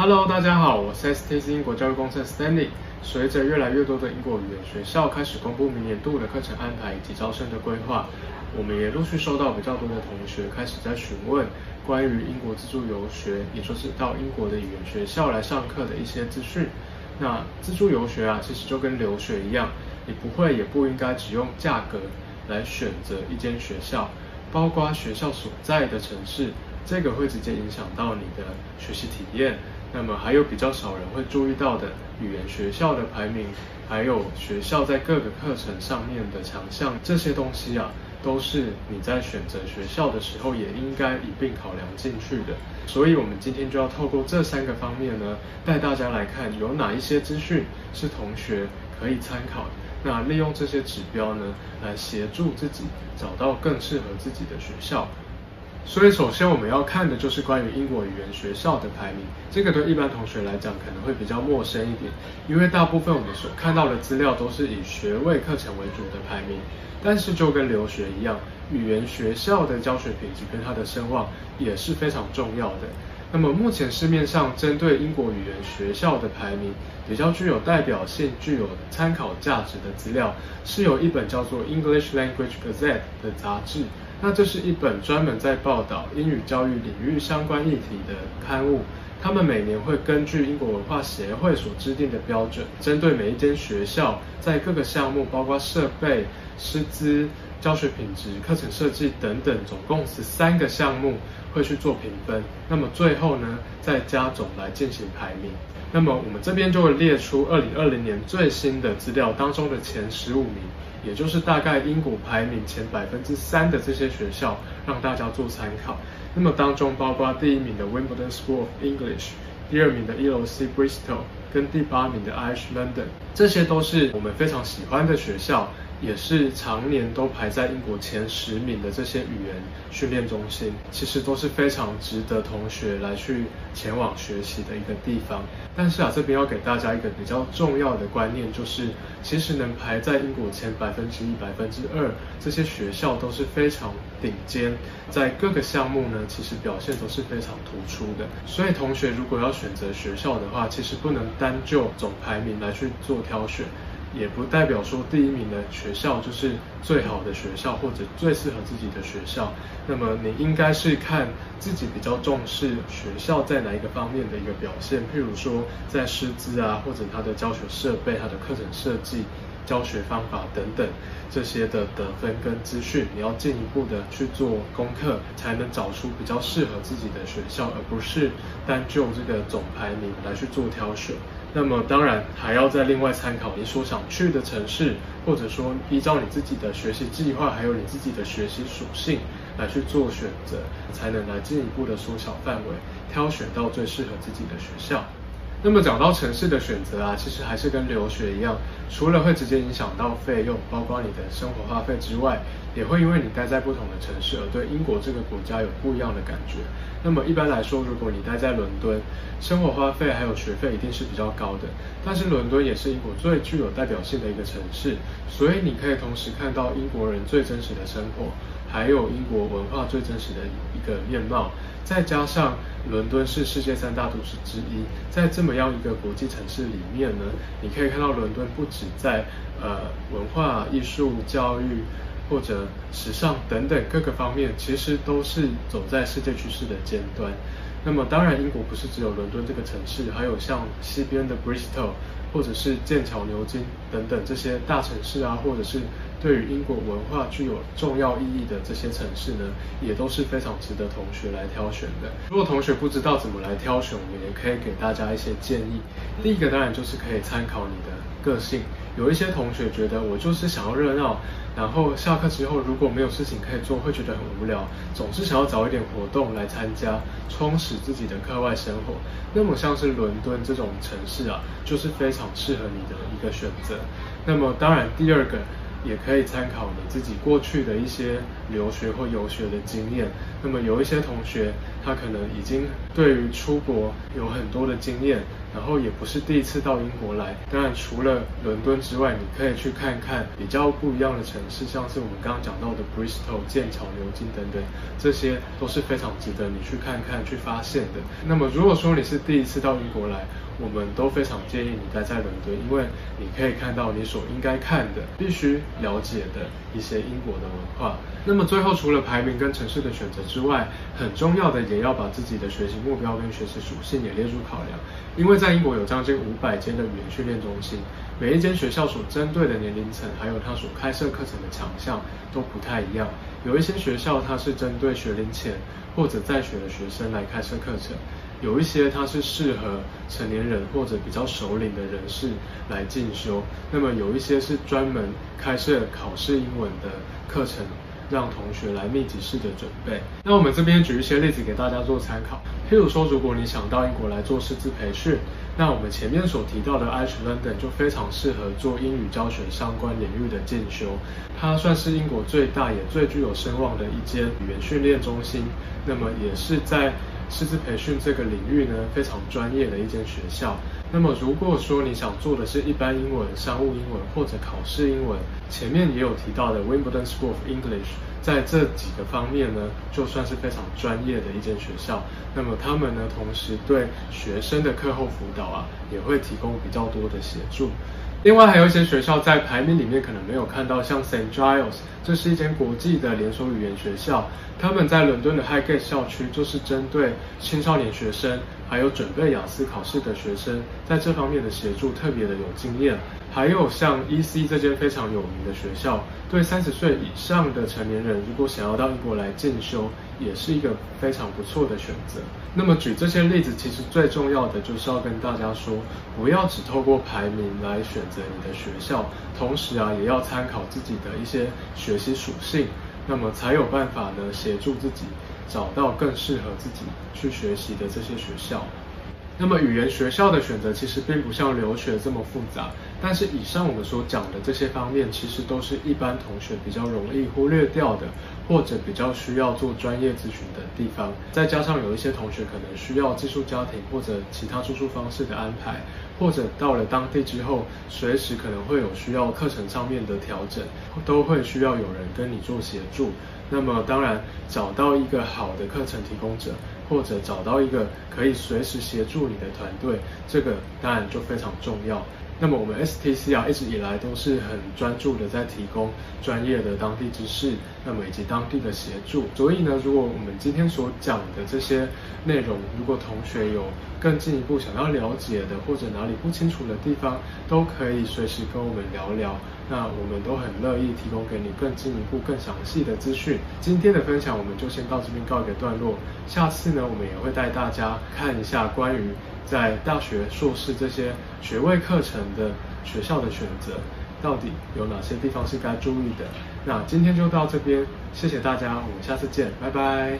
Hello，大家好，我是 STC 英國教育公司 Stanley。隨着越來越多的英國語言學校開始公布明年度的課程安排以及招生的規劃，我們也陸續收到比較多的同學開始在詢問關於英國自助遊學，也就是到英國的語言學校來上課的一些資訊。那自助遊學啊，其實就跟留學一樣，你不會也不應該只用價格來選擇一間學校，包括學校所在的城市，這個會直接影響到你的學習體驗。那麼還有比較少人會注意到的語言學校的排名，還有學校在各個課程上面的強項，這些東西啊，都是你在選擇學校的時候也應該一併考量進去的。所以，我們今天就要透過這三個方面呢，帶大家來看有哪一些資訊是同學可以參考的。那利用這些指標呢，來協助自己找到更適合自己的學校。所以首先我們要看的就是關於英國語言學校的排名，這個對一般同學來講可能會比較陌生一點，因為大部分我們所看到的資料都是以學位課程為主的排名，但是就跟留學一樣，語言學校的教學品質跟它的聲望也是非常重要的。那麼目前市面上針對英國語言學校的排名比較具有代表性、具有參考價值的資料，是有一本叫做 English Language Gazette 的雜誌。那這是一本專門在報道英語教育領域相關議題的刊物。他們每年會根據英國文化協會所制定的標準，針對每一間學校，在各個項目，包括設備、師資。教學品質、課程設計等等，總共十三個項目會去做評分。那麼最後呢，再加總來進行排名。那麼我們這邊就會列出二零二零年最新的資料當中的前十五名，也就是大概英國排名前百分之三的這些學校，讓大家做參考。那麼當中包括第一名的 Wimbledon School of English，第二名的 ELC Bristol。跟第八名的 IH London，這些都是我們非常喜歡的學校，也是常年都排在英國前十名的這些語言訓練中心，其實都是非常值得同學來去前往學習的一個地方。但是啊，這邊要給大家一個比較重要的觀念，就是其實能排在英國前百分之一、百分之二這些學校都是非常頂尖，在各個項目呢，其實表現都是非常突出的。所以同學如果要選擇學校的話，其實不能。單就總排名來去做挑選，也不代表說第一名的學校就是最好的學校或者最適合自己的學校。那麼你應該是看自己比較重視學校在哪一個方面的一個表現，譬如說在師資啊，或者他的教學設備、他的課程設計。教學方法等等這些的得分跟資訊，你要進一步的去做功課，才能找出比較適合自己的學校，而不是單就這個總排名來去做挑選。那麼當然還要再另外參考你所想去的城市，或者說依照你自己的學習計劃，還有你自己的學習屬性來去做選擇，才能來進一步的縮小範圍，挑選到最適合自己的學校。那麼講到城市的選擇啊，其實還是跟留學一樣，除了會直接影響到費用，包括你的生活花費之外，也會因為你待在不同的城市而對英國這個國家有不一樣的感覺。那麼一般來說，如果你待在倫敦，生活花費還有學費一定是比較高的。但是倫敦也是英國最具有代表性的一個城市，所以你可以同時看到英國人最真實的生活，還有英國文化最真實的一個面貌。再加上倫敦是世界三大都市之一，在這麼樣一個國際城市裡面呢，你可以看到倫敦不止在呃文化、藝術、教育。或者時尚等等各個方面，其實都是走在世界趨勢的尖端。那麼，當然英國不是只有倫敦這個城市，還有像西邊的 Bristol，或者是劍橋、牛津等等這些大城市啊，或者是對於英國文化具有重要意義的這些城市呢，也都是非常值得同學來挑選的。如果同學不知道怎麼來挑選，我們也可以給大家一些建議。第一個當然就是可以參考你的個性。有一些同學覺得我就是想要熱鬧，然後下課之後如果沒有事情可以做，會覺得很無聊，總是想要找一點活動來參加，充實自己的課外生活。那麼像是倫敦這種城市啊，就是非常適合你的一個選擇。那麼當然，第二個也可以參考你自己過去的一些留學或遊學的經驗。那麼有一些同學他可能已經對於出國有很多的經驗。然後也不是第一次到英國來，當然除了倫敦之外，你可以去看看比較不一樣的城市，像是我們剛剛講到的 Bristol 劍、劍橋、牛津等等，這些都是非常值得你去看看、去發現的。那麼如果說你是第一次到英國來，我們都非常建議你待在倫敦，因為你可以看到你所應該看的、必須了解的一些英國的文化。那麼最後除了排名跟城市的選擇之外，很重要的也要把自己的學習目標跟學習屬性也列入考量，因為。在英國有將近五百間的語言訓練中心，每一間學校所針對的年齡層，還有它所開設課程的強項都不太一樣。有一些學校它是針對學齡前或者在學的學生來開設課程，有一些它是適合成年人或者比較熟齡的人士來進修。那麼有一些是專門開設考試英文的課程。讓同學來密集式的準備。那我們這邊舉一些例子給大家做參考，譬如說，如果你想到英國來做師資培訓，那我們前面所提到的 IACH London 就非常適合做英語教學相關領域的進修。它算是英國最大也最具有聲望的一間語言訓練中心，那麼也是在。師資培訓這個領域呢，非常專業的一間學校。那麼如果說你想做的是一般英文、商務英文或者考試英文，前面也有提到的 Wimbledon School of English，在這幾個方面呢，就算是非常專業的一間學校。那麼他們呢，同時對學生的課後輔導啊，也會提供比較多的協助。另外還有一些學校在排名裡面可能沒有看到，像 St Giles，這是一間國際的連鎖語言學校。他們在倫敦的 Highgate 校區，就是針對青少年學生，還有準備雅思考試的學生，在這方面的協助特別的有經驗。還有像 EC 這間非常有名的學校，對三十歲以上的成年人，如果想要到英國來進修，也是一個非常不錯的選擇。那麼舉這些例子，其實最重要的就是要跟大家說，不要只透過排名來選擇你的學校，同時啊，也要參考自己的一些學習屬性，那麼才有辦法呢，協助自己找到更適合自己去學習的這些學校。那麼語言學校的選擇其實並不像留學這麼複雜，但是以上我們所講的這些方面其實都是一般同學比較容易忽略掉的，或者比較需要做專業諮詢的地方。再加上有一些同學可能需要寄宿家庭或者其他住宿方式的安排，或者到了當地之後，隨時可能會有需要課程上面的調整，都會需要有人跟你做協助。那麼當然，找到一個好的課程提供者。或者找到一個可以隨時協助你的團隊，這個當然就非常重要。那麼我們 STCR 一直以來都是很專注的在提供專業的當地知識，那麼以及當地的協助。所以呢，如果我們今天所講的這些內容，如果同學有更進一步想要了解的，或者哪裡不清楚的地方，都可以隨時跟我們聊聊。那我們都很樂意提供給你更進一步、更詳細的資訊。今天的分享，我們就先到這邊告一個段落。下次呢，我們也會帶大家看一下關於在大學、碩士這些學位課程的學校的選擇，到底有哪些地方是該注意的。那今天就到這邊，謝謝大家，我們下次見，拜拜。